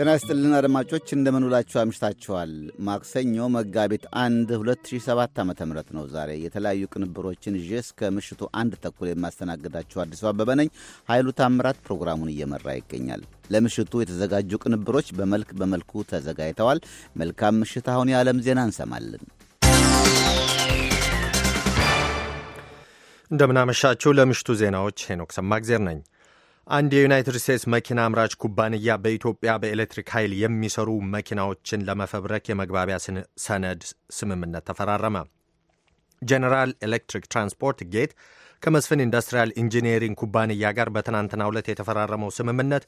ጤና ይስጥልን አድማጮች እንደምንውላችሁ አምሽታችኋል። ማክሰኞ መጋቢት 1 2007 ዓ ም ነው ዛሬ። የተለያዩ ቅንብሮችን ይዤ እስከ ምሽቱ አንድ ተኩል የማስተናግዳችሁ አዲሱ አበበ ነኝ። ኃይሉ ታምራት ፕሮግራሙን እየመራ ይገኛል። ለምሽቱ የተዘጋጁ ቅንብሮች በመልክ በመልኩ ተዘጋጅተዋል። መልካም ምሽት። አሁን የዓለም ዜና እንሰማለን። እንደምናመሻችሁ። ለምሽቱ ዜናዎች ሄኖክ ሰማግዜር ነኝ። አንድ የዩናይትድ ስቴትስ መኪና አምራች ኩባንያ በኢትዮጵያ በኤሌክትሪክ ኃይል የሚሰሩ መኪናዎችን ለመፈብረክ የመግባቢያ ሰነድ ስምምነት ተፈራረመ። ጄኔራል ኤሌክትሪክ ትራንስፖርት ጌት ከመስፍን ኢንዱስትሪያል ኢንጂኒየሪንግ ኩባንያ ጋር በትናንትናው ዕለት የተፈራረመው ስምምነት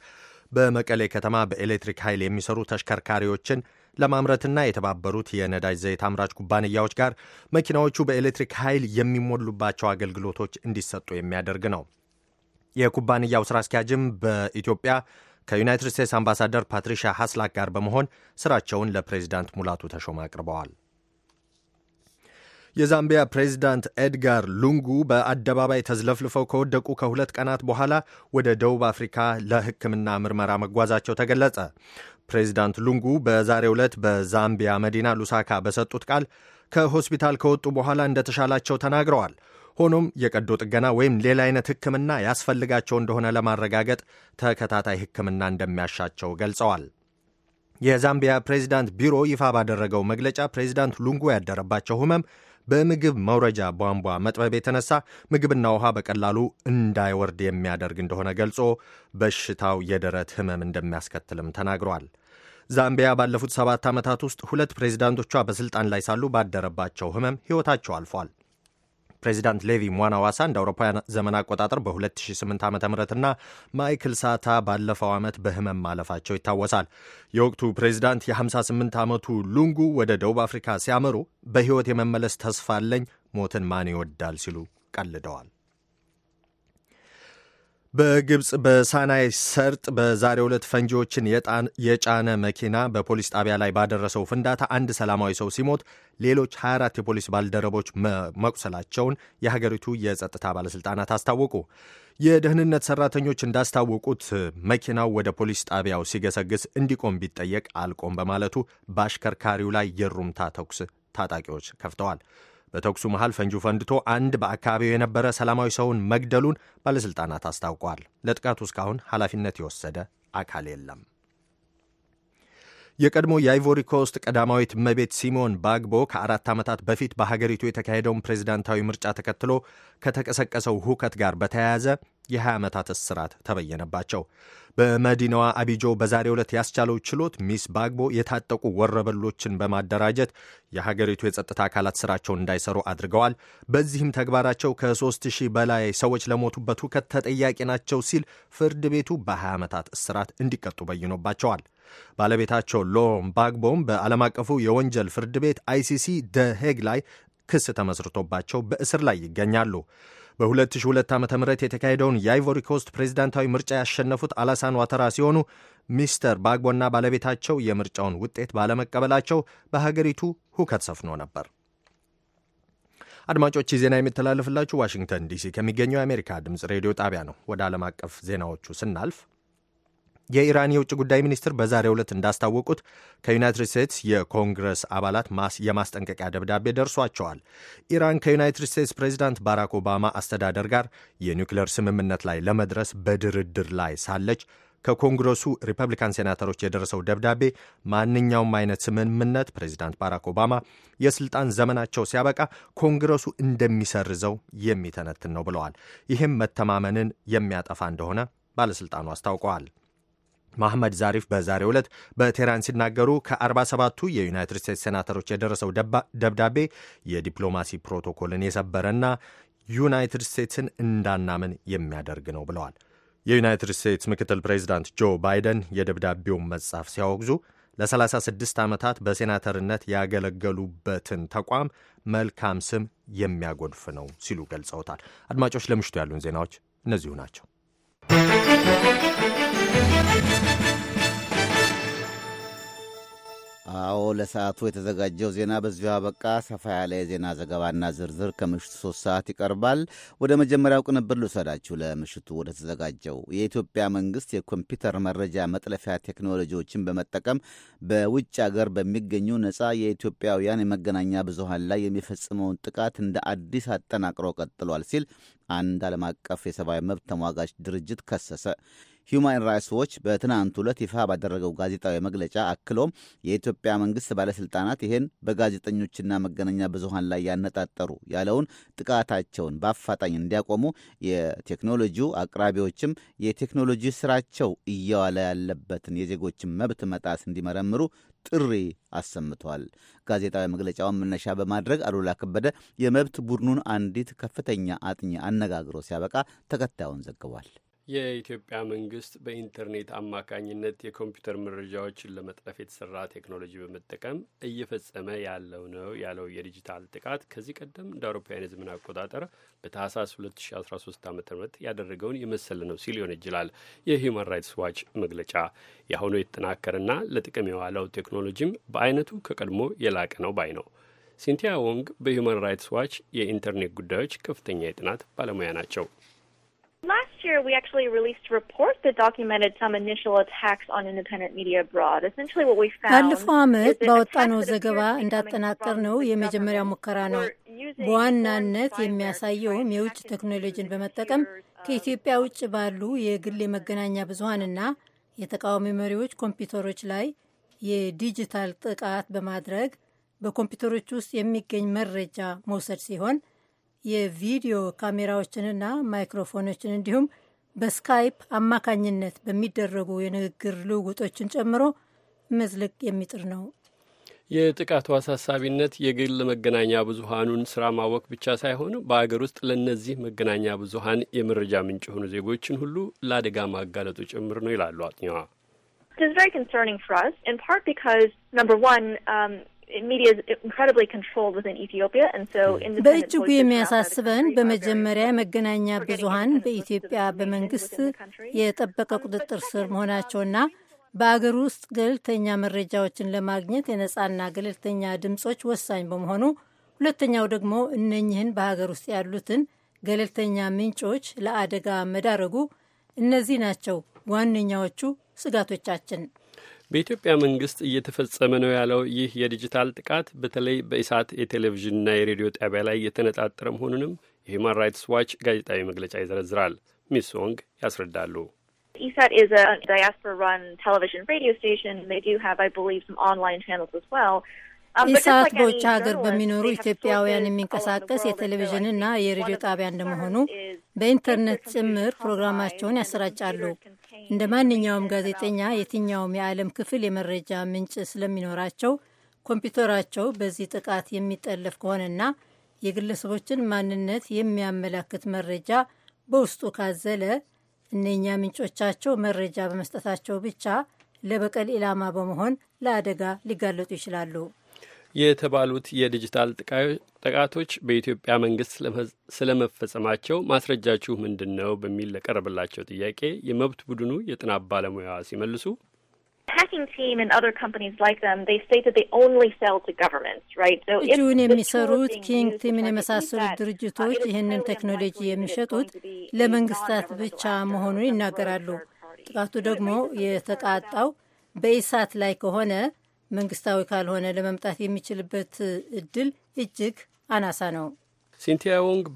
በመቀሌ ከተማ በኤሌክትሪክ ኃይል የሚሰሩ ተሽከርካሪዎችን ለማምረትና የተባበሩት የነዳጅ ዘይት አምራች ኩባንያዎች ጋር መኪናዎቹ በኤሌክትሪክ ኃይል የሚሞሉባቸው አገልግሎቶች እንዲሰጡ የሚያደርግ ነው። የኩባንያው ስራ አስኪያጅም በኢትዮጵያ ከዩናይትድ ስቴትስ አምባሳደር ፓትሪሻ ሐስላክ ጋር በመሆን ስራቸውን ለፕሬዚዳንት ሙላቱ ተሾመ አቅርበዋል። የዛምቢያ ፕሬዚዳንት ኤድጋር ሉንጉ በአደባባይ ተዝለፍልፈው ከወደቁ ከሁለት ቀናት በኋላ ወደ ደቡብ አፍሪካ ለሕክምና ምርመራ መጓዛቸው ተገለጸ። ፕሬዚዳንት ሉንጉ በዛሬው ዕለት በዛምቢያ መዲና ሉሳካ በሰጡት ቃል ከሆስፒታል ከወጡ በኋላ እንደተሻላቸው ተናግረዋል። ሆኖም የቀዶ ጥገና ወይም ሌላ አይነት ሕክምና ያስፈልጋቸው እንደሆነ ለማረጋገጥ ተከታታይ ሕክምና እንደሚያሻቸው ገልጸዋል። የዛምቢያ ፕሬዚዳንት ቢሮ ይፋ ባደረገው መግለጫ ፕሬዚዳንት ሉንጎ ያደረባቸው ህመም በምግብ መውረጃ ቧንቧ መጥበብ የተነሳ ምግብና ውሃ በቀላሉ እንዳይወርድ የሚያደርግ እንደሆነ ገልጾ በሽታው የደረት ህመም እንደሚያስከትልም ተናግሯል። ዛምቢያ ባለፉት ሰባት ዓመታት ውስጥ ሁለት ፕሬዚዳንቶቿ በሥልጣን ላይ ሳሉ ባደረባቸው ህመም ሕይወታቸው አልፏል። ፕሬዚዳንት ሌቪ ሟና ዋሳ እንደ አውሮፓውያን ዘመን አቆጣጠር በ2008 ዓ ምና ማይክል ሳታ ባለፈው ዓመት በህመም ማለፋቸው ይታወሳል። የወቅቱ ፕሬዚዳንት የ58 ዓመቱ ሉንጉ ወደ ደቡብ አፍሪካ ሲያመሩ በሕይወት የመመለስ ተስፋ አለኝ፣ ሞትን ማን ይወዳል ሲሉ ቀልደዋል። በግብፅ በሳናይ ሰርጥ በዛሬ ሁለት ፈንጂዎችን የጫነ መኪና በፖሊስ ጣቢያ ላይ ባደረሰው ፍንዳታ አንድ ሰላማዊ ሰው ሲሞት ሌሎች 24 የፖሊስ ባልደረቦች መቁሰላቸውን የሀገሪቱ የጸጥታ ባለሥልጣናት አስታወቁ። የደህንነት ሰራተኞች እንዳስታወቁት መኪናው ወደ ፖሊስ ጣቢያው ሲገሰግስ እንዲቆም ቢጠየቅ አልቆም በማለቱ በአሽከርካሪው ላይ የሩምታ ተኩስ ታጣቂዎች ከፍተዋል። በተኩሱ መሃል ፈንጂ ፈንድቶ አንድ በአካባቢው የነበረ ሰላማዊ ሰውን መግደሉን ባለሥልጣናት አስታውቋል። ለጥቃቱ እስካሁን ኃላፊነት የወሰደ አካል የለም። የቀድሞ የአይቮሪ ኮስት ቀዳማዊት እመቤት ሲሞን ባግቦ ከአራት ዓመታት በፊት በሀገሪቱ የተካሄደውን ፕሬዝዳንታዊ ምርጫ ተከትሎ ከተቀሰቀሰው ሁከት ጋር በተያያዘ የ20 ዓመታት እስራት ተበየነባቸው። በመዲናዋ አቢጆ በዛሬ ዕለት ያስቻለው ችሎት ሚስ ባግቦ የታጠቁ ወረበሎችን በማደራጀት የሀገሪቱ የጸጥታ አካላት ስራቸውን እንዳይሰሩ አድርገዋል፣ በዚህም ተግባራቸው ከ3 ሺህ በላይ ሰዎች ለሞቱበት ሁከት ተጠያቂ ናቸው ሲል ፍርድ ቤቱ በ20 ዓመታት እስራት እንዲቀጡ በይኖባቸዋል። ባለቤታቸው ሎም ባግቦም በዓለም አቀፉ የወንጀል ፍርድ ቤት አይሲሲ ደሄግ ላይ ክስ ተመስርቶባቸው በእስር ላይ ይገኛሉ። በ2002 ዓ ም የተካሄደውን የአይቮሪ ኮስት ፕሬዚዳንታዊ ምርጫ ያሸነፉት አላሳን ዋተራ ሲሆኑ ሚስተር ባግቦና ባለቤታቸው የምርጫውን ውጤት ባለመቀበላቸው በሀገሪቱ ሁከት ሰፍኖ ነበር። አድማጮች ዜና የሚተላለፍላችሁ ዋሽንግተን ዲሲ ከሚገኘው የአሜሪካ ድምፅ ሬዲዮ ጣቢያ ነው። ወደ ዓለም አቀፍ ዜናዎቹ ስናልፍ የኢራን የውጭ ጉዳይ ሚኒስትር በዛሬው ዕለት እንዳስታወቁት ከዩናይትድ ስቴትስ የኮንግረስ አባላት የማስጠንቀቂያ ደብዳቤ ደርሷቸዋል። ኢራን ከዩናይትድ ስቴትስ ፕሬዚዳንት ባራክ ኦባማ አስተዳደር ጋር የኒውክሌር ስምምነት ላይ ለመድረስ በድርድር ላይ ሳለች ከኮንግረሱ ሪፐብሊካን ሴናተሮች የደረሰው ደብዳቤ ማንኛውም አይነት ስምምነት ፕሬዚዳንት ባራክ ኦባማ የስልጣን ዘመናቸው ሲያበቃ ኮንግረሱ እንደሚሰርዘው የሚተነትን ነው ብለዋል። ይህም መተማመንን የሚያጠፋ እንደሆነ ባለሥልጣኑ አስታውቀዋል። መሐመድ ዛሪፍ በዛሬው ዕለት በቴህራን ሲናገሩ ከ47ቱ የዩናይትድ ስቴትስ ሴናተሮች የደረሰው ደብዳቤ የዲፕሎማሲ ፕሮቶኮልን የሰበረና ዩናይትድ ስቴትስን እንዳናምን የሚያደርግ ነው ብለዋል። የዩናይትድ ስቴትስ ምክትል ፕሬዚዳንት ጆ ባይደን የደብዳቤውን መጻፍ ሲያወግዙ ለ36 ዓመታት በሴናተርነት ያገለገሉበትን ተቋም መልካም ስም የሚያጎድፍ ነው ሲሉ ገልጸውታል። አድማጮች፣ ለምሽቱ ያሉን ዜናዎች እነዚሁ ናቸው። አዎ ለሰዓቱ የተዘጋጀው ዜና በዚሁ አበቃ። ሰፋ ያለ የዜና ዘገባና ዝርዝር ከምሽቱ ሶስት ሰዓት ይቀርባል። ወደ መጀመሪያው ቅንብር ልውሰዳችሁ። ለምሽቱ ወደ ተዘጋጀው የኢትዮጵያ መንግስት የኮምፒውተር መረጃ መጥለፊያ ቴክኖሎጂዎችን በመጠቀም በውጭ አገር በሚገኙ ነጻ የኢትዮጵያውያን የመገናኛ ብዙሃን ላይ የሚፈጽመውን ጥቃት እንደ አዲስ አጠናቅሮ ቀጥሏል ሲል አንድ ዓለም አቀፍ የሰብአዊ መብት ተሟጋች ድርጅት ከሰሰ። ሂውማን ራይትስ ዎች በትናንት ዕለት ይፋ ባደረገው ጋዜጣዊ መግለጫ አክሎም የኢትዮጵያ መንግስት ባለስልጣናት ይህን በጋዜጠኞችና መገናኛ ብዙሃን ላይ ያነጣጠሩ ያለውን ጥቃታቸውን በአፋጣኝ እንዲያቆሙ፣ የቴክኖሎጂው አቅራቢዎችም የቴክኖሎጂ ስራቸው እየዋለ ያለበትን የዜጎችን መብት መጣስ እንዲመረምሩ ጥሪ አሰምቷል። ጋዜጣዊ መግለጫውን መነሻ በማድረግ አሉላ ከበደ የመብት ቡድኑን አንዲት ከፍተኛ አጥኚ አነጋግሮ ሲያበቃ ተከታዩን ዘግቧል። የኢትዮጵያ መንግስት በኢንተርኔት አማካኝነት የኮምፒውተር መረጃዎችን ለመጥለፍ የተሰራ ቴክኖሎጂ በመጠቀም እየፈጸመ ያለው ነው ያለው የዲጂታል ጥቃት ከዚህ ቀደም እንደ አውሮፓውያን የዘመን አቆጣጠር በታህሳስ 2013 ዓ ም ያደረገውን የመሰለ ነው ሲል ይወነጅላል የሂውማን ራይትስ ዋች መግለጫ። የአሁኑ የተጠናከረና ለጥቅም የዋለው ቴክኖሎጂም በአይነቱ ከቀድሞ የላቀ ነው ባይ ነው። ሲንቲያ ወንግ በሂውማን ራይትስ ዋች የኢንተርኔት ጉዳዮች ከፍተኛ የጥናት ባለሙያ ናቸው። last year, we actually released a report that documented some initial attacks on independent media abroad. Essentially what we found ባለፈው ዓመት ባወጣነው ዘገባ እንዳጠናቀር ነው የመጀመሪያ ሙከራ ነው። በዋናነት የሚያሳየውም የውጭ ቴክኖሎጂን በመጠቀም ከኢትዮጵያ ውጭ ባሉ የግል የመገናኛ ብዙሀንና የተቃዋሚ መሪዎች ኮምፒውተሮች ላይ የዲጂታል ጥቃት በማድረግ በኮምፒውተሮች ውስጥ የሚገኝ መረጃ መውሰድ ሲሆን የቪዲዮ ካሜራዎችንና ማይክሮፎኖችን እንዲሁም በስካይፕ አማካኝነት በሚደረጉ የንግግር ልውውጦችን ጨምሮ መዝለቅ የሚጥር ነው። የጥቃቱ አሳሳቢነት የግል መገናኛ ብዙሀኑን ስራ ማወቅ ብቻ ሳይሆን በአገር ውስጥ ለእነዚህ መገናኛ ብዙሀን የመረጃ ምንጭ የሆኑ ዜጎችን ሁሉ ለአደጋ ማጋለጡ ጭምር ነው ይላሉ አጥኚዋ። በእጅጉ የሚያሳስበን በመጀመሪያ መገናኛ ብዙሃን በኢትዮጵያ በመንግስት የጠበቀ um, ቁጥጥር ስር መሆናቸውና በአገር ውስጥ ገለልተኛ መረጃዎችን ለማግኘት የነጻና ገለልተኛ ድምጾች ወሳኝ በመሆኑ፣ ሁለተኛው ደግሞ እነኝህን በሀገር ውስጥ ያሉትን ገለልተኛ ምንጮች ለአደጋ መዳረጉ። እነዚህ ናቸው ዋነኛዎቹ ስጋቶቻችን። በኢትዮጵያ መንግስት እየተፈጸመ ነው ያለው ይህ የዲጂታል ጥቃት በተለይ በኢሳት የቴሌቪዥንና የሬዲዮ ጣቢያ ላይ የተነጣጠረ መሆኑንም የሁማን ራይትስ ዋች ጋዜጣዊ መግለጫ ይዘረዝራል። ሚስ ሶንግ ያስረዳሉ። ኢሳት is a diaspora run television radio station. They do have, I believe, some online channels as well. Um, ኢሳት በውጭ ሀገር በሚኖሩ ኢትዮጵያውያን የሚንቀሳቀስ የቴሌቪዥንና የሬዲዮ ጣቢያ እንደመሆኑ በኢንተርኔት ጭምር ፕሮግራማቸውን ያሰራጫሉ። እንደ ማንኛውም ጋዜጠኛ የትኛውም የዓለም ክፍል የመረጃ ምንጭ ስለሚኖራቸው ኮምፒውተራቸው በዚህ ጥቃት የሚጠለፍ ከሆነና የግለሰቦችን ማንነት የሚያመላክት መረጃ በውስጡ ካዘለ እነኛ ምንጮቻቸው መረጃ በመስጠታቸው ብቻ ለበቀል ኢላማ በመሆን ለአደጋ ሊጋለጡ ይችላሉ። የተባሉት የዲጂታል ጥቃቶች በኢትዮጵያ መንግስት ስለመፈጸማቸው ማስረጃችሁ ምንድን ነው በሚል ለቀረበላቸው ጥያቄ የመብት ቡድኑ የጥናት ባለሙያ ሲመልሱ እጁን የሚሰሩት ኪንግ ቲምን የመሳሰሉት uh, ድርጅቶች ይህንን ቴክኖሎጂ የሚሸጡት ለመንግስታት ብቻ መሆኑን ይናገራሉ። ጥቃቱ ደግሞ የተቃጣው በኢሳት ላይ ከሆነ መንግስታዊ ካልሆነ ለመምጣት የሚችልበት እድል እጅግ አናሳ ነው። ሲንቲያ ዎንግ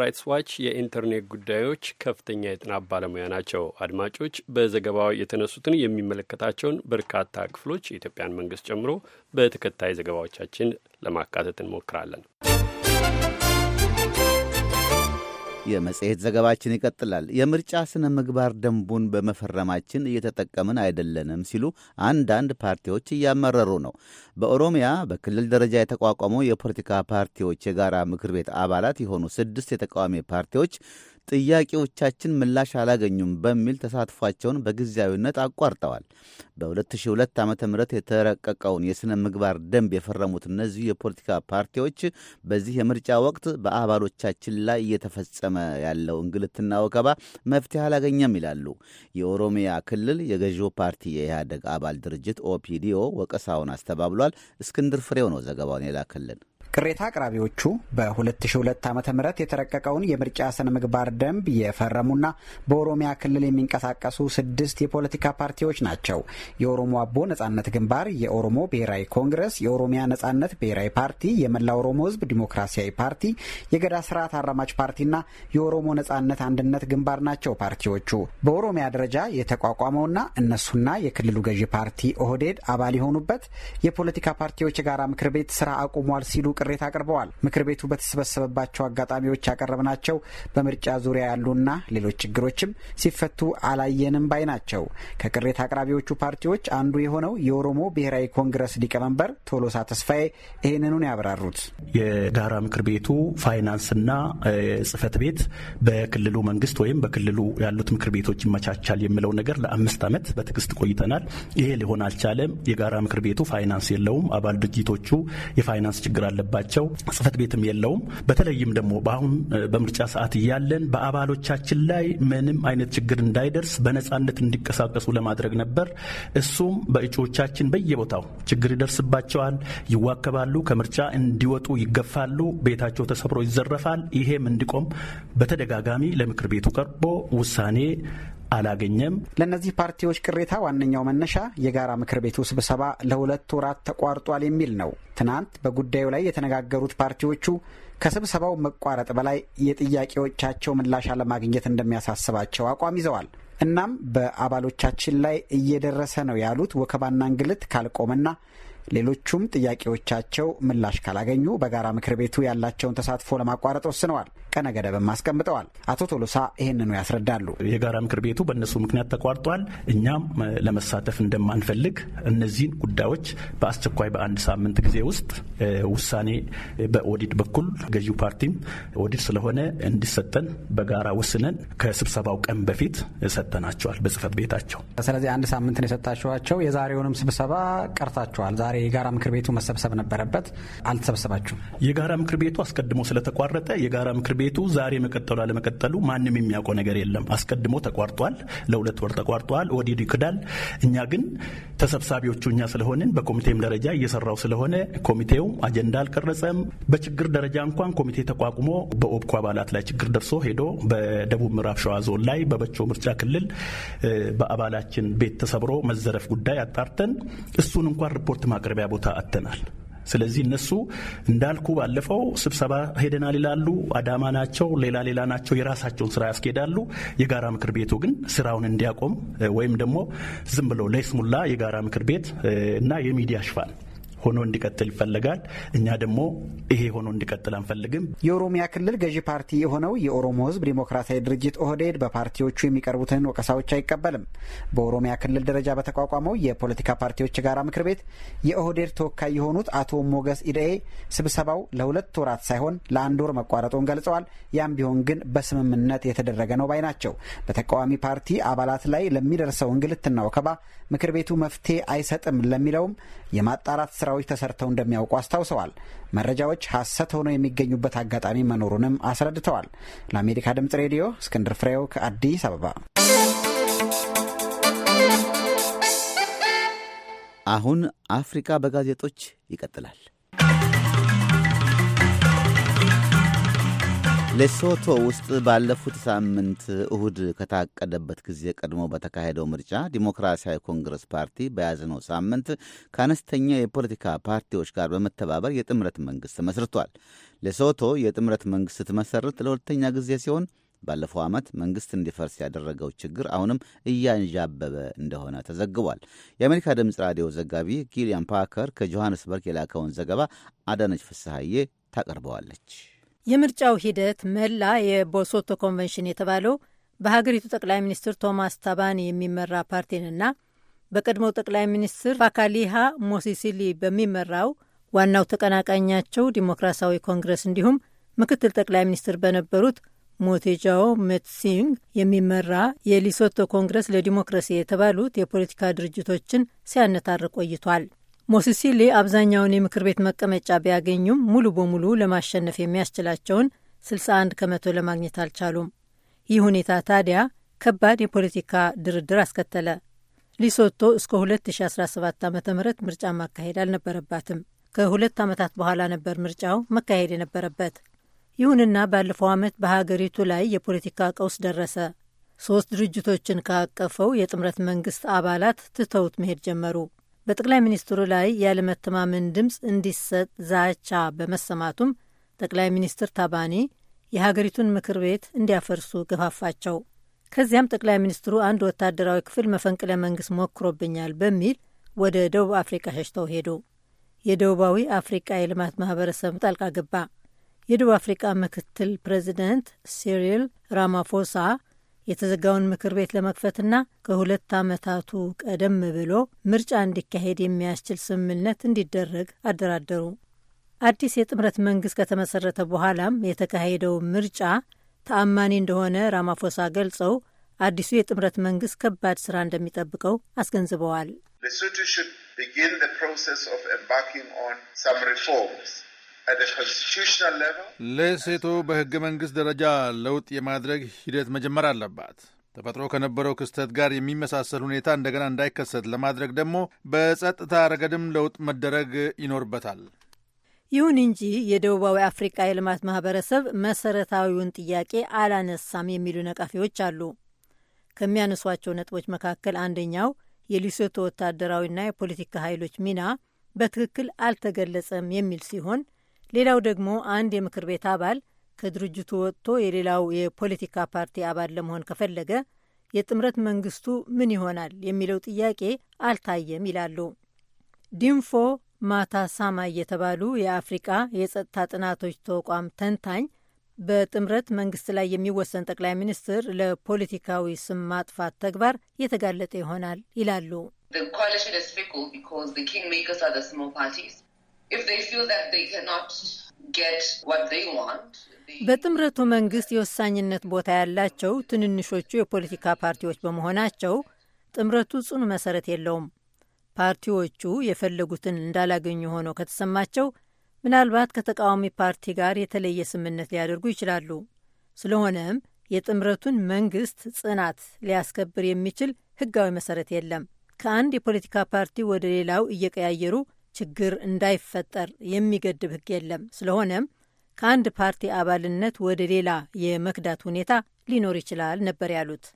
ራይትስ ዋች የኢንተርኔት ጉዳዮች ከፍተኛ የጥናት ባለሙያ ናቸው። አድማጮች በዘገባው የተነሱትን የሚመለከታቸውን በርካታ ክፍሎች የኢትዮጵያን መንግስት ጨምሮ በተከታይ ዘገባዎቻችን ለማካተት እንሞክራለን። የመጽሔት ዘገባችን ይቀጥላል። የምርጫ ስነ ምግባር ደንቡን በመፈረማችን እየተጠቀምን አይደለንም ሲሉ አንዳንድ ፓርቲዎች እያመረሩ ነው። በኦሮሚያ በክልል ደረጃ የተቋቋመው የፖለቲካ ፓርቲዎች የጋራ ምክር ቤት አባላት የሆኑ ስድስት የተቃዋሚ ፓርቲዎች ጥያቄዎቻችን ምላሽ አላገኙም በሚል ተሳትፏቸውን በጊዜያዊነት አቋርጠዋል። በ2002 ዓ ም የተረቀቀውን የሥነ ምግባር ደንብ የፈረሙት እነዚህ የፖለቲካ ፓርቲዎች በዚህ የምርጫ ወቅት በአባሎቻችን ላይ እየተፈጸመ ያለው እንግልትና ወከባ መፍትሄ አላገኘም ይላሉ። የኦሮሚያ ክልል የገዢው ፓርቲ የኢህአደግ አባል ድርጅት ኦፒዲኦ ወቀሳውን አስተባብሏል። እስክንድር ፍሬው ነው ዘገባውን የላከልን። ቅሬታ አቅራቢዎቹ በ2002 ዓ ም የተረቀቀውን የምርጫ ስነ ምግባር ደንብ የፈረሙና በኦሮሚያ ክልል የሚንቀሳቀሱ ስድስት የፖለቲካ ፓርቲዎች ናቸው። የኦሮሞ አቦ ነጻነት ግንባር፣ የኦሮሞ ብሔራዊ ኮንግረስ፣ የኦሮሚያ ነጻነት ብሔራዊ ፓርቲ፣ የመላ ኦሮሞ ህዝብ ዲሞክራሲያዊ ፓርቲ፣ የገዳ ስርዓት አራማጅ ፓርቲና የኦሮሞ ነጻነት አንድነት ግንባር ናቸው። ፓርቲዎቹ በኦሮሚያ ደረጃ የተቋቋመውና እነሱና የክልሉ ገዢ ፓርቲ ኦህዴድ አባል የሆኑበት የፖለቲካ ፓርቲዎች የጋራ ምክር ቤት ስራ አቁሟል ሲሉ ቅሬታ አቅርበዋል። ምክር ቤቱ በተሰበሰበባቸው አጋጣሚዎች ያቀረብናቸው በምርጫ ዙሪያ ያሉና ሌሎች ችግሮችም ሲፈቱ አላየንም ባይ ናቸው። ከቅሬታ አቅራቢዎቹ ፓርቲዎች አንዱ የሆነው የኦሮሞ ብሔራዊ ኮንግረስ ሊቀመንበር ቶሎሳ ተስፋዬ ይህንኑን ያብራሩት የጋራ ምክር ቤቱ ፋይናንስና ጽህፈት ቤት በክልሉ መንግስት ወይም በክልሉ ያሉት ምክር ቤቶች ይመቻቻል የሚለው ነገር ለአምስት ዓመት በትዕግስት ቆይተናል። ይሄ ሊሆን አልቻለም። የጋራ ምክር ቤቱ ፋይናንስ የለውም። አባል ድርጅቶቹ የፋይናንስ ችግር አለበት ያለባቸው ጽህፈት ቤትም የለውም። በተለይም ደግሞ በአሁን በምርጫ ሰዓት እያለን በአባሎቻችን ላይ ምንም አይነት ችግር እንዳይደርስ በነፃነት እንዲንቀሳቀሱ ለማድረግ ነበር። እሱም በእጩዎቻችን በየቦታው ችግር ይደርስባቸዋል፣ ይዋከባሉ፣ ከምርጫ እንዲወጡ ይገፋሉ፣ ቤታቸው ተሰብሮ ይዘረፋል። ይሄም እንዲቆም በተደጋጋሚ ለምክር ቤቱ ቀርቦ ውሳኔ አላገኘም። ለእነዚህ ፓርቲዎች ቅሬታ ዋነኛው መነሻ የጋራ ምክር ቤቱ ስብሰባ ለሁለት ወራት ተቋርጧል የሚል ነው። ትናንት በጉዳዩ ላይ የተነጋገሩት ፓርቲዎቹ ከስብሰባው መቋረጥ በላይ የጥያቄዎቻቸው ምላሽ አለማግኘት እንደሚያሳስባቸው አቋም ይዘዋል። እናም በአባሎቻችን ላይ እየደረሰ ነው ያሉት ወከባና እንግልት ካልቆመና ሌሎቹም ጥያቄዎቻቸው ምላሽ ካላገኙ በጋራ ምክር ቤቱ ያላቸውን ተሳትፎ ለማቋረጥ ወስነዋል። ቀነ ገደብም አስቀምጠዋል። አቶ ቶሎሳ ይህንኑ ያስረዳሉ። የጋራ ምክር ቤቱ በእነሱ ምክንያት ተቋርጧል። እኛም ለመሳተፍ እንደማንፈልግ እነዚህን ጉዳዮች በአስቸኳይ በአንድ ሳምንት ጊዜ ውስጥ ውሳኔ በኦዲድ በኩል ገዢው ፓርቲም ኦዲድ ስለሆነ እንዲሰጠን በጋራ ወስነን ከስብሰባው ቀን በፊት ሰጥተናቸዋል በጽህፈት ቤታቸው። ስለዚህ አንድ ነው የሰጣችኋቸው የዛሬውንም ስብሰባ ቀርታችኋል። ዛሬ የጋራ ምክር ቤቱ መሰብሰብ ነበረበት፣ አልተሰበሰባችሁም። የጋራ ምክር ቤቱ አስቀድሞ ስለተቋረጠ የጋራ ምክር ቤቱ ዛሬ መቀጠሉ አለመቀጠሉ ማንም የሚያውቀው ነገር የለም። አስቀድሞ ተቋርጧል። ለሁለት ወር ተቋርጧል። ወዲህ ይክዳል። እኛ ግን ተሰብሳቢዎቹ እኛ ስለሆንን በኮሚቴም ደረጃ እየሰራው ስለሆነ ኮሚቴው አጀንዳ አልቀረጸም። በችግር ደረጃ እንኳን ኮሚቴ ተቋቁሞ በኦብኮ አባላት ላይ ችግር ደርሶ ሄዶ በደቡብ ምዕራብ ሸዋ ዞን ላይ በበቾ ምርጫ ክልል በአባላችን ቤት ተሰብሮ መዘረፍ ጉዳይ አጣርተን እሱን እንኳን ሪፖርት ማቅረቢያ ቦታ አጥተናል። ስለዚህ እነሱ እንዳልኩ ባለፈው ስብሰባ ሄደናል ይላሉ። አዳማ ናቸው፣ ሌላ ሌላ ናቸው። የራሳቸውን ስራ ያስኬዳሉ። የጋራ ምክር ቤቱ ግን ስራውን እንዲያቆም ወይም ደግሞ ዝም ብለው ለይስሙላ የጋራ ምክር ቤት እና የሚዲያ ሽፋን ሆኖ እንዲቀጥል ይፈልጋል እኛ ደግሞ ይሄ ሆኖ እንዲቀጥል አንፈልግም። የኦሮሚያ ክልል ገዢ ፓርቲ የሆነው የኦሮሞ ሕዝብ ዲሞክራሲያዊ ድርጅት ኦህዴድ በፓርቲዎቹ የሚቀርቡትን ወቀሳዎች አይቀበልም። በኦሮሚያ ክልል ደረጃ በተቋቋመው የፖለቲካ ፓርቲዎች የጋራ ምክር ቤት የኦህዴድ ተወካይ የሆኑት አቶ ሞገስ ኢደኤ ስብሰባው ለሁለት ወራት ሳይሆን ለአንድ ወር መቋረጡን ገልጸዋል። ያም ቢሆን ግን በስምምነት የተደረገ ነው ባይ ናቸው። በተቃዋሚ ፓርቲ አባላት ላይ ለሚደርሰው እንግልትና ወከባ ምክር ቤቱ መፍትሄ አይሰጥም ለሚለውም የማጣራት ስራ ስራዎች ተሰርተው እንደሚያውቁ አስታውሰዋል። መረጃዎች ሐሰት ሆነው የሚገኙበት አጋጣሚ መኖሩንም አስረድተዋል። ለአሜሪካ ድምጽ ሬዲዮ እስክንድር ፍሬው ከአዲስ አበባ። አሁን አፍሪካ በጋዜጦች ይቀጥላል። ሌሶቶ ውስጥ ባለፉት ሳምንት እሁድ ከታቀደበት ጊዜ ቀድሞ በተካሄደው ምርጫ ዲሞክራሲያዊ ኮንግረስ ፓርቲ በያዝነው ሳምንት ከአነስተኛ የፖለቲካ ፓርቲዎች ጋር በመተባበር የጥምረት መንግሥት መስርቷል። ሌሶቶ የጥምረት መንግሥት ስትመሰርት ለሁለተኛ ጊዜ ሲሆን ባለፈው ዓመት መንግሥት እንዲፈርስ ያደረገው ችግር አሁንም እያንዣበበ እንደሆነ ተዘግቧል። የአሜሪካ ድምፅ ራዲዮ ዘጋቢ ጊሊያም ፓከር ከጆሐንስበርግ የላከውን ዘገባ አዳነች ፍስሐዬ ታቀርበዋለች። የምርጫው ሂደት መላ የቦሶቶ ኮንቨንሽን የተባለው በሀገሪቱ ጠቅላይ ሚኒስትር ቶማስ ታባኒ የሚመራ ፓርቲንና በቀድሞው ጠቅላይ ሚኒስትር ፋካሊሃ ሞሲሲሊ በሚመራው ዋናው ተቀናቃኛቸው ዲሞክራሲያዊ ኮንግረስ እንዲሁም ምክትል ጠቅላይ ሚኒስትር በነበሩት ሞቴጃዎ መትሲንግ የሚመራ የሊሶቶ ኮንግረስ ለዲሞክራሲ የተባሉት የፖለቲካ ድርጅቶችን ሲያነታር ቆይቷል። ሞሲሲሊ አብዛኛውን የምክር ቤት መቀመጫ ቢያገኙም ሙሉ በሙሉ ለማሸነፍ የሚያስችላቸውን 61 ከመቶ ለማግኘት አልቻሉም። ይህ ሁኔታ ታዲያ ከባድ የፖለቲካ ድርድር አስከተለ። ሊሶቶ እስከ 2017 ዓ ም ምርጫ ማካሄድ አልነበረባትም። ከሁለት ዓመታት በኋላ ነበር ምርጫው መካሄድ የነበረበት። ይሁንና ባለፈው ዓመት በሀገሪቱ ላይ የፖለቲካ ቀውስ ደረሰ። ሦስት ድርጅቶችን ካቀፈው የጥምረት መንግሥት አባላት ትተውት መሄድ ጀመሩ። በጠቅላይ ሚኒስትሩ ላይ ያለመተማመን ድምፅ እንዲሰጥ ዛቻ በመሰማቱም ጠቅላይ ሚኒስትር ታባኒ የሀገሪቱን ምክር ቤት እንዲያፈርሱ ገፋፋቸው። ከዚያም ጠቅላይ ሚኒስትሩ አንድ ወታደራዊ ክፍል መፈንቅለ መንግስት ሞክሮብኛል በሚል ወደ ደቡብ አፍሪካ ሸሽተው ሄዱ። የደቡባዊ አፍሪቃ የልማት ማህበረሰብ ጣልቃ ገባ። የደቡብ አፍሪቃ ምክትል ፕሬዚደንት ሲሪል ራማፎሳ የተዘጋውን ምክር ቤት ለመክፈትና ከሁለት ዓመታቱ ቀደም ብሎ ምርጫ እንዲካሄድ የሚያስችል ስምምነት እንዲደረግ አደራደሩ። አዲስ የጥምረት መንግስት ከተመሰረተ በኋላም የተካሄደው ምርጫ ተአማኒ እንደሆነ ራማፎሳ ገልጸው አዲሱ የጥምረት መንግስት ከባድ ስራ እንደሚጠብቀው አስገንዝበዋል። ለሴቶ በህገ መንግስት ደረጃ ለውጥ የማድረግ ሂደት መጀመር አለባት። ተፈጥሮ ከነበረው ክስተት ጋር የሚመሳሰል ሁኔታ እንደገና እንዳይከሰት ለማድረግ ደግሞ በጸጥታ ረገድም ለውጥ መደረግ ይኖርበታል። ይሁን እንጂ የደቡባዊ አፍሪቃ የልማት ማህበረሰብ መሰረታዊውን ጥያቄ አላነሳም የሚሉ ነቃፊዎች አሉ። ከሚያነሷቸው ነጥቦች መካከል አንደኛው የሊሶቶ ወታደራዊና የፖለቲካ ኃይሎች ሚና በትክክል አልተገለጸም የሚል ሲሆን ሌላው ደግሞ አንድ የምክር ቤት አባል ከድርጅቱ ወጥቶ የሌላው የፖለቲካ ፓርቲ አባል ለመሆን ከፈለገ የጥምረት መንግስቱ ምን ይሆናል የሚለው ጥያቄ አልታየም ይላሉ። ዲንፎ ማታ ሳማ የተባሉ የአፍሪቃ የጸጥታ ጥናቶች ተቋም ተንታኝ በጥምረት መንግስት ላይ የሚወሰን ጠቅላይ ሚኒስትር ለፖለቲካዊ ስም ማጥፋት ተግባር የተጋለጠ ይሆናል ይላሉ። በጥምረቱ መንግስት የወሳኝነት ቦታ ያላቸው ትንንሾቹ የፖለቲካ ፓርቲዎች በመሆናቸው ጥምረቱ ጽኑ መሰረት የለውም። ፓርቲዎቹ የፈለጉትን እንዳላገኙ ሆነው ከተሰማቸው ምናልባት ከተቃዋሚ ፓርቲ ጋር የተለየ ስምምነት ሊያደርጉ ይችላሉ። ስለሆነም የጥምረቱን መንግስት ጽናት ሊያስከብር የሚችል ህጋዊ መሰረት የለም። ከአንድ የፖለቲካ ፓርቲ ወደ ሌላው እየቀያየሩ ችግር እንዳይፈጠር የሚገድብ ህግ የለም። ስለሆነም ከአንድ ፓርቲ አባልነት ወደ ሌላ የመክዳት ሁኔታ ሊኖር ይችላል ነበር ያሉት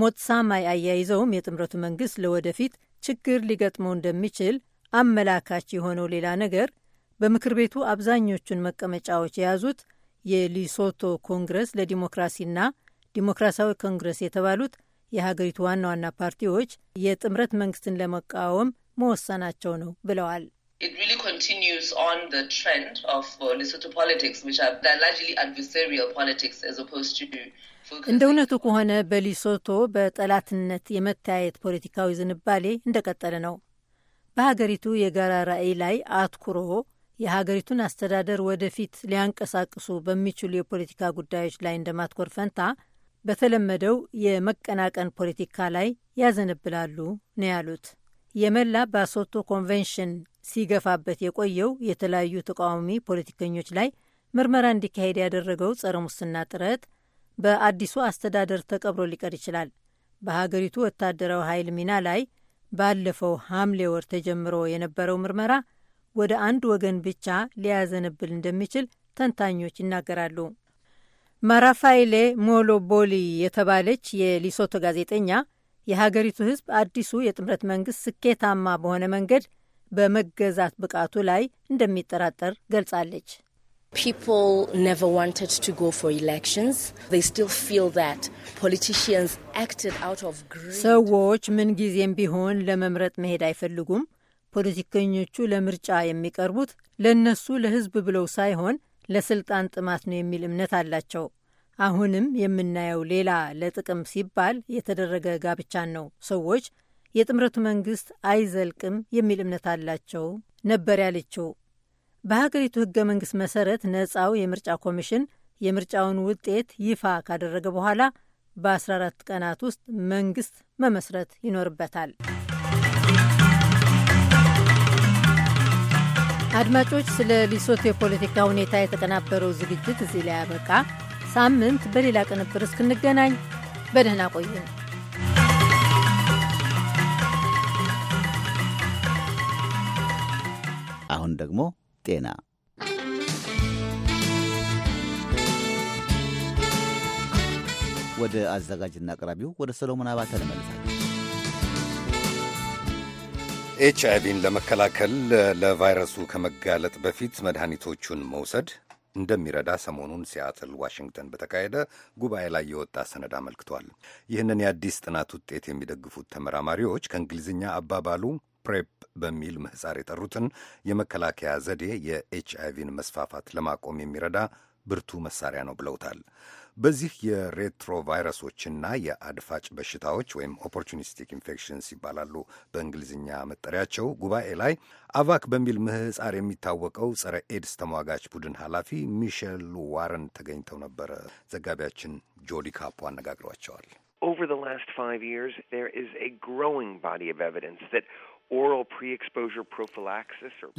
ሞትሳማይ። አያይዘውም የጥምረቱ መንግስት ለወደፊት ችግር ሊገጥመው እንደሚችል አመላካች የሆነው ሌላ ነገር በምክር ቤቱ አብዛኞቹን መቀመጫዎች የያዙት የሊሶቶ ኮንግረስ ለዲሞክራሲና ዲሞክራሲያዊ ኮንግረስ የተባሉት የሀገሪቱ ዋና ዋና ፓርቲዎች የጥምረት መንግስትን ለመቃወም መወሰናቸው ነው ብለዋል። it really continues on the trend of uh, Lesotho politics, which are they're largely adversarial politics as opposed to እንደ እውነቱ ከሆነ በሊሶቶ በጠላትነት የመታየት ፖለቲካዊ ዝንባሌ እንደቀጠለ ነው። በሀገሪቱ የጋራ ራዕይ ላይ አትኩሮ የሀገሪቱን አስተዳደር ወደፊት ሊያንቀሳቅሱ በሚችሉ የፖለቲካ ጉዳዮች ላይ እንደማትኮር ፈንታ በተለመደው የመቀናቀን ፖለቲካ ላይ ያዘነብላሉ ነው ያሉት። የመላ ባሶቶ ኮንቬንሽን ሲገፋበት የቆየው የተለያዩ ተቃዋሚ ፖለቲከኞች ላይ ምርመራ እንዲካሄድ ያደረገው ጸረ ሙስና ጥረት በአዲሱ አስተዳደር ተቀብሮ ሊቀር ይችላል። በሀገሪቱ ወታደራዊ ኃይል ሚና ላይ ባለፈው ሐምሌ ወር ተጀምሮ የነበረው ምርመራ ወደ አንድ ወገን ብቻ ሊያዘንብል እንደሚችል ተንታኞች ይናገራሉ። ማራፋይሌ ሞሎቦሊ የተባለች የሊሶቶ ጋዜጠኛ የሀገሪቱ ሕዝብ አዲሱ የጥምረት መንግስት ስኬታማ በሆነ መንገድ በመገዛት ብቃቱ ላይ እንደሚጠራጠር ገልጻለች። ሰዎች ምንጊዜም ቢሆን ለመምረጥ መሄድ አይፈልጉም። ፖለቲከኞቹ ለምርጫ የሚቀርቡት ለእነሱ ለሕዝብ ብለው ሳይሆን ለስልጣን ጥማት ነው የሚል እምነት አላቸው። አሁንም የምናየው ሌላ ለጥቅም ሲባል የተደረገ ጋብቻን ነው። ሰዎች የጥምረቱ መንግስት አይዘልቅም የሚል እምነት አላቸው ነበር ያለችው። በሀገሪቱ ህገ መንግስት መሰረት ነጻው የምርጫ ኮሚሽን የምርጫውን ውጤት ይፋ ካደረገ በኋላ በ14 ቀናት ውስጥ መንግስት መመስረት ይኖርበታል። አድማጮች፣ ስለ ሊሶቶ የፖለቲካ ሁኔታ የተቀናበረው ዝግጅት እዚህ ላይ ያበቃ። ሳምንት በሌላ ቅንብር እስክንገናኝ በደህና ቆዩን። አሁን ደግሞ ጤና ወደ አዘጋጅና አቅራቢው ወደ ሰሎሞን አባተ ልመልሳል። ኤች አይቪን ለመከላከል ለቫይረሱ ከመጋለጥ በፊት መድኃኒቶቹን መውሰድ እንደሚረዳ ሰሞኑን ሲያትል ዋሽንግተን በተካሄደ ጉባኤ ላይ የወጣ ሰነድ አመልክቷል። ይህንን የአዲስ ጥናት ውጤት የሚደግፉት ተመራማሪዎች ከእንግሊዝኛ አባባሉ ፕሬፕ በሚል ምህፃር የጠሩትን የመከላከያ ዘዴ የኤች አይቪን መስፋፋት ለማቆም የሚረዳ ብርቱ መሳሪያ ነው ብለውታል። በዚህ የሬትሮቫይረሶችና የአድፋጭ በሽታዎች ወይም ኦፖርቹኒስቲክ ኢንፌክሽንስ ይባላሉ በእንግሊዝኛ መጠሪያቸው ጉባኤ ላይ አቫክ በሚል ምህፃር የሚታወቀው ጸረ ኤድስ ተሟጋች ቡድን ኃላፊ ሚሼል ዋረን ተገኝተው ነበረ። ዘጋቢያችን ጆዲ ካፖ አነጋግሯቸዋል። Over the last five years, there is a growing body of evidence that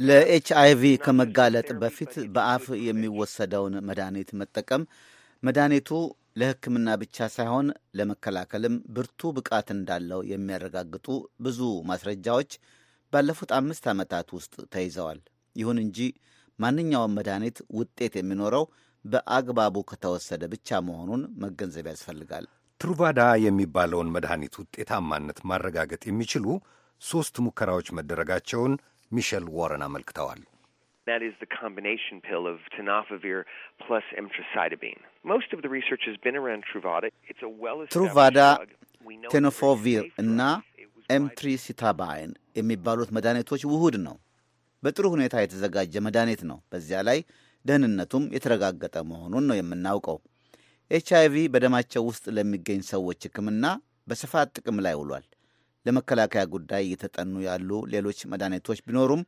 ለኤች አይ ቪ ከመጋለጥ በፊት በአፍ የሚወሰደውን መድኃኒት መጠቀም መድኃኒቱ ለሕክምና ብቻ ሳይሆን ለመከላከልም ብርቱ ብቃት እንዳለው የሚያረጋግጡ ብዙ ማስረጃዎች ባለፉት አምስት ዓመታት ውስጥ ተይዘዋል። ይሁን እንጂ ማንኛውም መድኃኒት ውጤት የሚኖረው በአግባቡ ከተወሰደ ብቻ መሆኑን መገንዘብ ያስፈልጋል። ትሩቫዳ የሚባለውን መድኃኒት ውጤታማነት ማረጋገጥ የሚችሉ ሦስት ሙከራዎች መደረጋቸውን ሚሸል ዋረን አመልክተዋል። That is the combination pill of tenofovir plus emtricitabine. Most of the research has been around Truvada. It's a well-established drug. tenofovir እና ኤምትሪሲታባይን የሚባሉት መድኃኒቶች ውሁድ ነው። በጥሩ ሁኔታ የተዘጋጀ መድኃኒት ነው። በዚያ ላይ ደህንነቱም የተረጋገጠ መሆኑን ነው የምናውቀው። ኤች አይቪ በደማቸው ውስጥ ለሚገኝ ሰዎች ሕክምና በስፋት ጥቅም ላይ ውሏል። ለመከላከያ ጉዳይ እየተጠኑ ያሉ ሌሎች መድኃኒቶች ቢኖሩም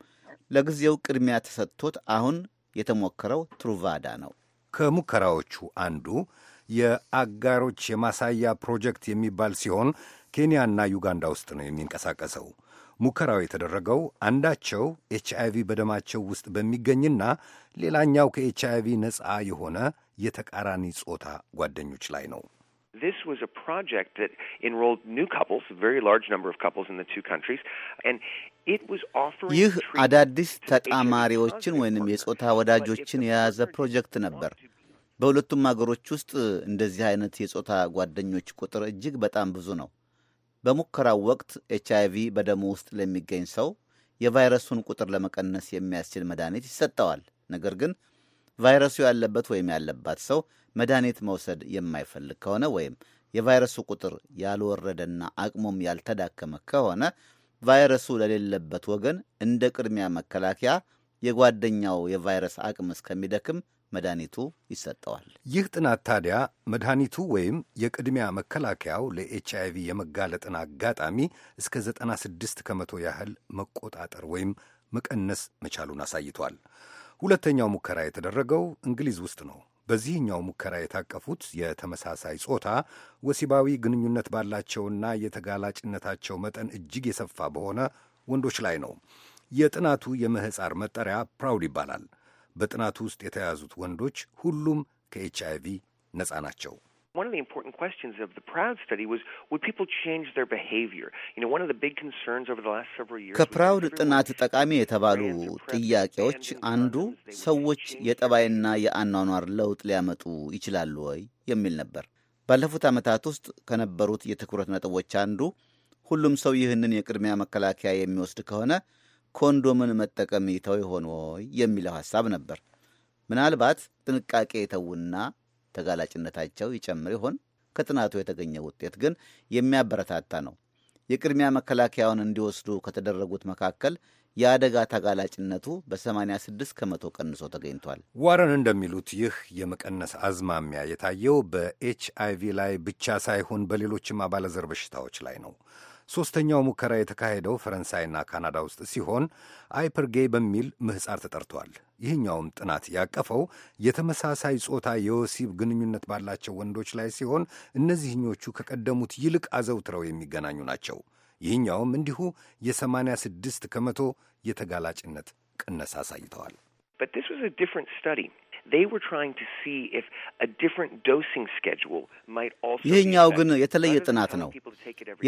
ለጊዜው ቅድሚያ ተሰጥቶት አሁን የተሞከረው ትሩቫዳ ነው። ከሙከራዎቹ አንዱ የአጋሮች የማሳያ ፕሮጀክት የሚባል ሲሆን ኬንያና ዩጋንዳ ውስጥ ነው የሚንቀሳቀሰው። ሙከራው የተደረገው አንዳቸው ኤች በደማቸው ውስጥ በሚገኝና ሌላኛው ከኤች አይቪ ነፃ የሆነ የተቃራኒ ጾታ ጓደኞች ላይ ነው። This was a project that enrolled new couples, a very large number of couples in the two countries, and it was offering ይህ አዳዲስ ተጣማሪዎችን ወይንም የጾታ ወዳጆችን የያዘ ፕሮጀክት ነበር። በሁለቱም ሀገሮች ውስጥ እንደዚህ አይነት የጾታ ጓደኞች ቁጥር እጅግ በጣም ብዙ ነው። በሙከራው ወቅት ኤች አይቪ በደሙ ውስጥ ለሚገኝ ሰው የቫይረሱን ቁጥር ለመቀነስ የሚያስችል መድኃኒት ይሰጠዋል። ነገር ግን ቫይረሱ ያለበት ወይም ያለባት ሰው መድኃኒት መውሰድ የማይፈልግ ከሆነ ወይም የቫይረሱ ቁጥር ያልወረደና አቅሙም ያልተዳከመ ከሆነ ቫይረሱ ለሌለበት ወገን እንደ ቅድሚያ መከላከያ የጓደኛው የቫይረስ አቅም እስከሚደክም መድኃኒቱ ይሰጠዋል። ይህ ጥናት ታዲያ መድኃኒቱ ወይም የቅድሚያ መከላከያው ለኤች አይቪ የመጋለጥን አጋጣሚ እስከ 96 ከመቶ ያህል መቆጣጠር ወይም መቀነስ መቻሉን አሳይቷል። ሁለተኛው ሙከራ የተደረገው እንግሊዝ ውስጥ ነው። በዚህኛው ሙከራ የታቀፉት የተመሳሳይ ጾታ ወሲባዊ ግንኙነት ባላቸውና የተጋላጭነታቸው መጠን እጅግ የሰፋ በሆነ ወንዶች ላይ ነው። የጥናቱ የምህፃር መጠሪያ ፕራውድ ይባላል። በጥናቱ ውስጥ የተያዙት ወንዶች ሁሉም ከኤች ቪ ነፃ ናቸው። One of the important questions of the PROUD study was would people change their behavior? You know, one of the big concerns over the last several years ከፕራውድ ጥናት ጠቃሚ የተባሉ ጥያቄዎች አንዱ ሰዎች የጠባይና የአኗኗር ለውጥ ሊያመጡ ይችላሉ ወይ የሚል ነበር። ባለፉት ዓመታት ውስጥ ከነበሩት የትኩረት ነጥቦች አንዱ ሁሉም ሰው ይህንን የቅድሚያ መከላከያ የሚወስድ ከሆነ ኮንዶምን መጠቀም ይተው ይሆን ወይ የሚለው ሐሳብ ነበር። ምናልባት ጥንቃቄ ይተውና ተጋላጭነታቸው ይጨምር ይሆን? ከጥናቱ የተገኘ ውጤት ግን የሚያበረታታ ነው። የቅድሚያ መከላከያውን እንዲወስዱ ከተደረጉት መካከል የአደጋ ተጋላጭነቱ በ86 ከመቶ ቀንሶ ተገኝቷል። ዋረን እንደሚሉት ይህ የመቀነስ አዝማሚያ የታየው በኤች አይ ቪ ላይ ብቻ ሳይሆን በሌሎችም አባለዘር በሽታዎች ላይ ነው። ሦስተኛው ሙከራ የተካሄደው ፈረንሳይና ካናዳ ውስጥ ሲሆን አይፐርጌ በሚል ምህፃር ተጠርቷል። ይህኛውም ጥናት ያቀፈው የተመሳሳይ ጾታ የወሲብ ግንኙነት ባላቸው ወንዶች ላይ ሲሆን እነዚህኞቹ ከቀደሙት ይልቅ አዘውትረው የሚገናኙ ናቸው። ይህኛውም እንዲሁ የ86 ከመቶ የተጋላጭነት ቅነሳ አሳይተዋል። But this was a different study. they were trying to see if a different dosing schedule might also ይህኛው ግን የተለየ ጥናት ነው።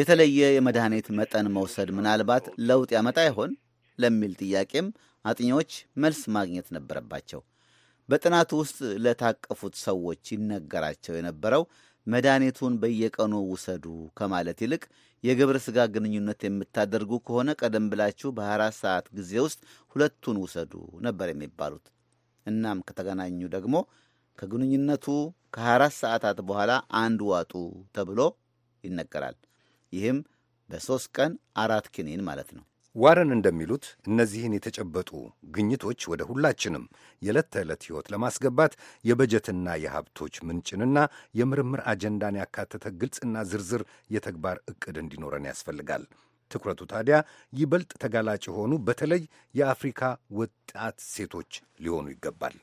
የተለየ የመድኃኒት መጠን መውሰድ ምናልባት ለውጥ ያመጣ ይሆን ለሚል ጥያቄም አጥኚዎች መልስ ማግኘት ነበረባቸው። በጥናቱ ውስጥ ለታቀፉት ሰዎች ይነገራቸው የነበረው መድኃኒቱን በየቀኑ ውሰዱ ከማለት ይልቅ የግብረ ሥጋ ግንኙነት የምታደርጉ ከሆነ ቀደም ብላችሁ በ24 ሰዓት ጊዜ ውስጥ ሁለቱን ውሰዱ ነበር የሚባሉት። እናም ከተገናኙ ደግሞ ከግንኙነቱ ከ24 ሰዓታት በኋላ አንድ ዋጡ ተብሎ ይነገራል። ይህም በሦስት ቀን አራት ኪኒን ማለት ነው። ዋረን እንደሚሉት እነዚህን የተጨበጡ ግኝቶች ወደ ሁላችንም የዕለት ተዕለት ሕይወት ለማስገባት የበጀትና የሀብቶች ምንጭንና የምርምር አጀንዳን ያካተተ ግልጽና ዝርዝር የተግባር ዕቅድ እንዲኖረን ያስፈልጋል። ትኩረቱ ታዲያ ይበልጥ ተጋላጭ የሆኑ በተለይ የአፍሪካ ወጣት ሴቶች ሊሆኑ ይገባል።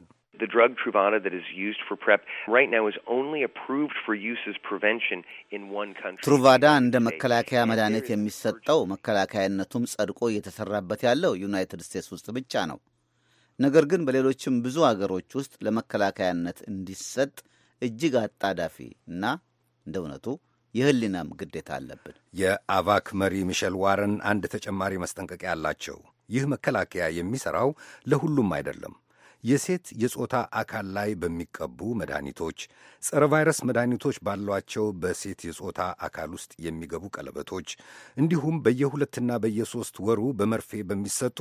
The drug Truvada that is used for PrEP right now is only approved for use as prevention in one country. ትሩቫዳ እንደ መከላከያ መድኃኒት የሚሰጠው መከላከያነቱም ጸድቆ እየተሰራበት ያለው ዩናይትድ ስቴትስ ውስጥ ብቻ ነው። ነገር ግን በሌሎችም ብዙ አገሮች ውስጥ ለመከላከያነት እንዲሰጥ እጅግ አጣዳፊ እና እንደ እውነቱ የህሊናም ግዴታ አለብን። የአቫክ መሪ ሚሸል ዋረን አንድ ተጨማሪ ማስጠንቀቂያ አላቸው። ይህ መከላከያ የሚሠራው ለሁሉም አይደለም። የሴት የጾታ አካል ላይ በሚቀቡ መድኃኒቶች፣ ጸረ ቫይረስ መድኃኒቶች ባሏቸው በሴት የጾታ አካል ውስጥ የሚገቡ ቀለበቶች እንዲሁም በየሁለትና በየሶስት ወሩ በመርፌ በሚሰጡ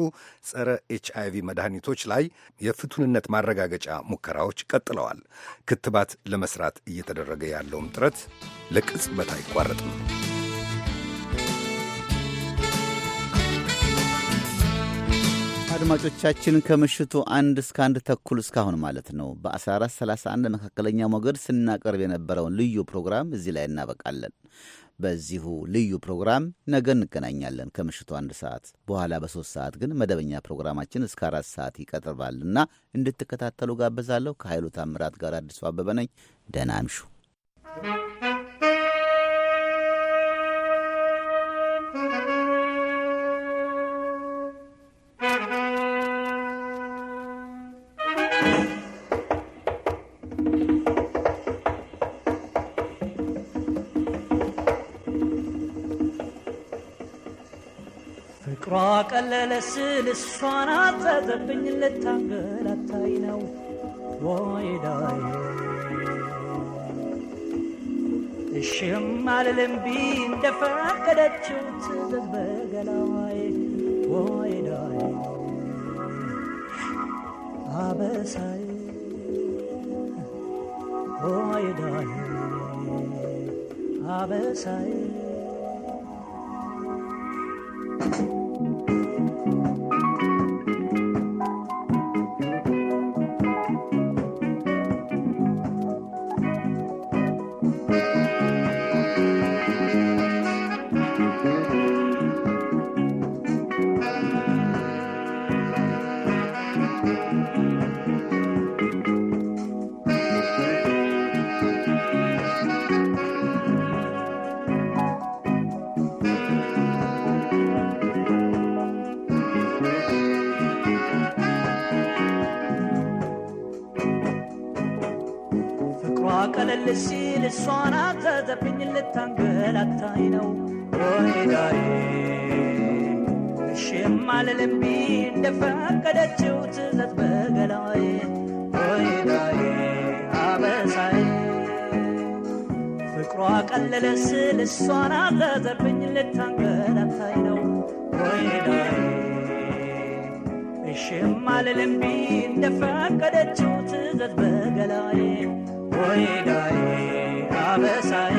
ጸረ ኤች አይቪ መድኃኒቶች ላይ የፍቱንነት ማረጋገጫ ሙከራዎች ቀጥለዋል። ክትባት ለመስራት እየተደረገ ያለውም ጥረት ለቅጽበት አይቋረጥም። አድማጮቻችን ከምሽቱ አንድ እስከ አንድ ተኩል እስካሁን ማለት ነው በ1431 መካከለኛ ሞገድ ስናቀርብ የነበረውን ልዩ ፕሮግራም እዚህ ላይ እናበቃለን። በዚሁ ልዩ ፕሮግራም ነገ እንገናኛለን ከምሽቱ አንድ ሰዓት በኋላ። በሶስት ሰዓት ግን መደበኛ ፕሮግራማችን እስከ አራት ሰዓት ይቀጥርባል እና እንድትከታተሉ ጋበዛለሁ። ከኃይሉ ታምራት ጋር አዲሱ አበበ ነኝ። ደህና አምሹ። እሷን አዘዘብኝ ልታንገላታይ ነው ወይዳይ እሽም አልልም ቢ እንደፈቀደችው ትዘዝ በገላዋይ ወይዳይ አበሳይ ወይዳይ አበሳይ ልስል እሷን አታዘልብኝ ልታንገላታይ ነው ወይኔ እሽም አልልምቢ እንደፈቀደችው ትዘዝ በገላዬ ወይዳዬ አበሳዬ